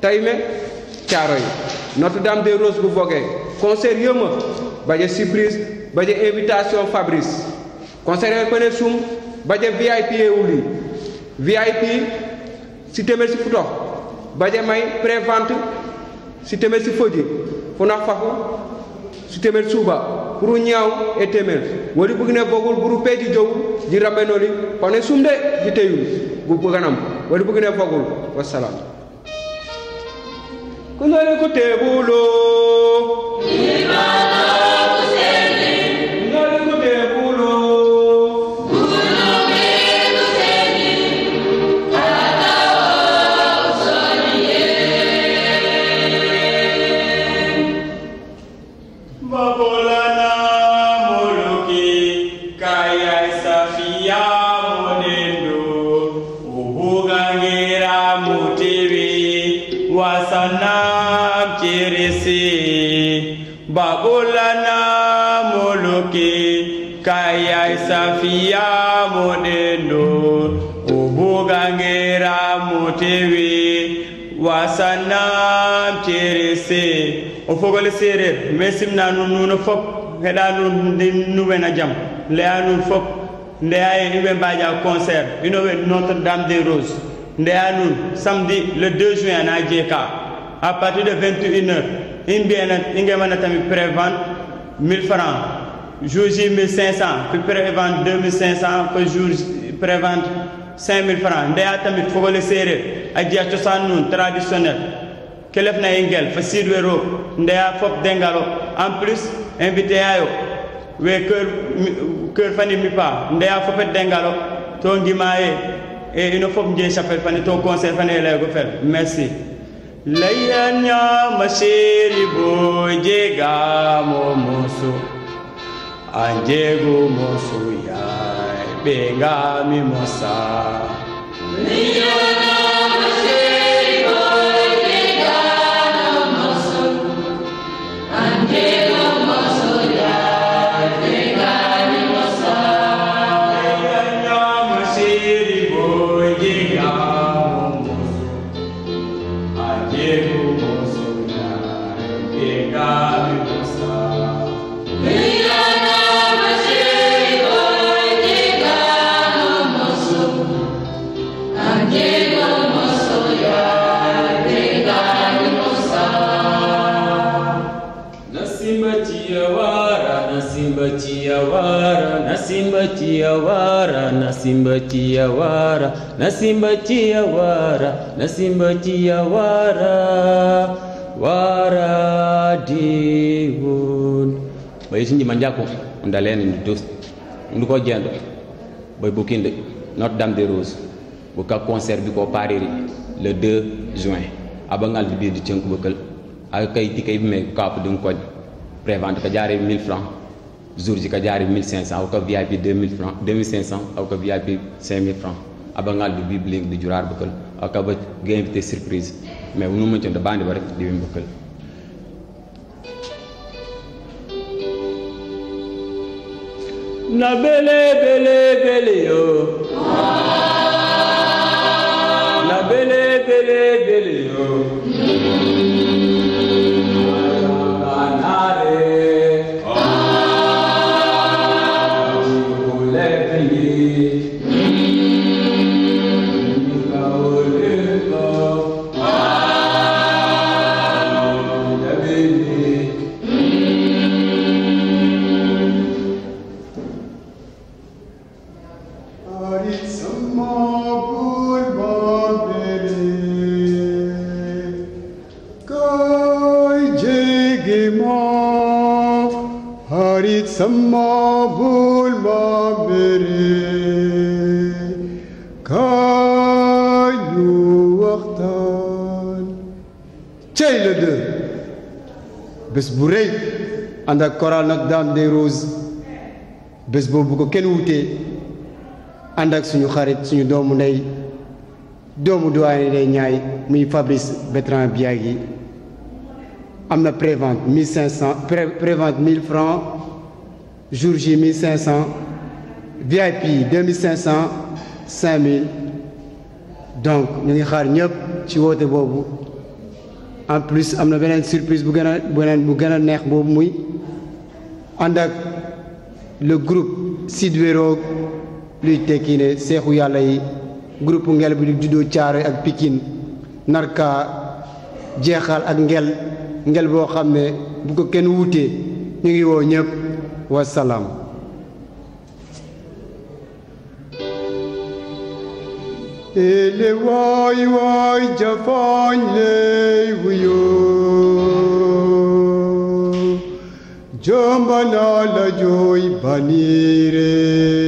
Taïme Thiaroye Notre Dame des Roses bu Vogué concert yëma baje surprise baje invitation Fabrice concert yooyu pene sum baje VIP wuli VIP si téeméer si futox baje may prévente si téeméer funax fafu si suuba pour ñaaw e téeméer wori bëgg ne bogul buru peeji jow ji rabenoli kone de ji teyul bu bëgganam wori bëgg ne bogul ku ne ko teebuloo lana muluki kayai safiya mudendo ubuga ngera mutewi wasana terese o fogole sereer mais simna nun nuno fop heɗa nun nuwena jaam leya nun fop ndeya e yimɓe mbaja concert inoɓe notre dame des roses ndeya nun samedi le 2 juin na jeeka à de 21 heures inbiyana ingemana tamit prévente 1000 francs jour J 1500 fi prévente 2500 fa jour prévente 5000 francs ndeya tamit fogole séeréer a jeya cosaan nun traditionnel kelef na i ngel fa siidweero ndeya fop dengalo en plus invité yayo we kër kër fani mi pa ndeya fopet dengalo to ngima ye e ino fop njee chapelle fani to conseil fani e laygo Layanya masiri bojega momoso Anjego moso ya benga mimosa Layanya masiri ci ya ci ya waara na simba ci ya waara waara diwun ɓay so jima jakko ndaleni ndu dus ndu ko jeenɗo ɓay bukinde notre dame des roses bo ka bi ko pariri le 2 juin aɓangal de ɓirdi tenkuɓakal a kayti kay ɓe me kapo ɗum koñ prévente ko jaare 1000 francs jour ji ka jaari 1500 hawka vip 2000 francs 2500 hawka vip 5000 francs aɓangalɗo bibligue ɗo juraɗo ɓokal hawka ba ga invité surprise mais wonum mon conto bande bare ɗiɓe ɓokal na bele bele bele yo oh. bés bu rëy ànd ak choral nag Dame des Roses bés boobu ko kenn wutee ànd ak suñu xarit suñu doomu ndey doomu doyen day ñaay muy Fabrice Bertrand Biagui am na prévente mille cinq cent prévente jour J 1500 VIP 2500 5000 donc ñu ngi xaar ñëpp ci woote boobu en plus am na beneen surprise bu gën a beneen bu gën a neex boobu muy ànd ak le groupe Sid Wéroog luy tekki ne seexu yàlla yi groupe ngel bi di juddoo Caaroy ak Pikine narka jeexal ak ngel ngel boo xam ne bu ko kenn wuutee ñu ngi woo ñëpp wasalaam ele woy woy jafooñ ley wuyo jombana la jooy baniire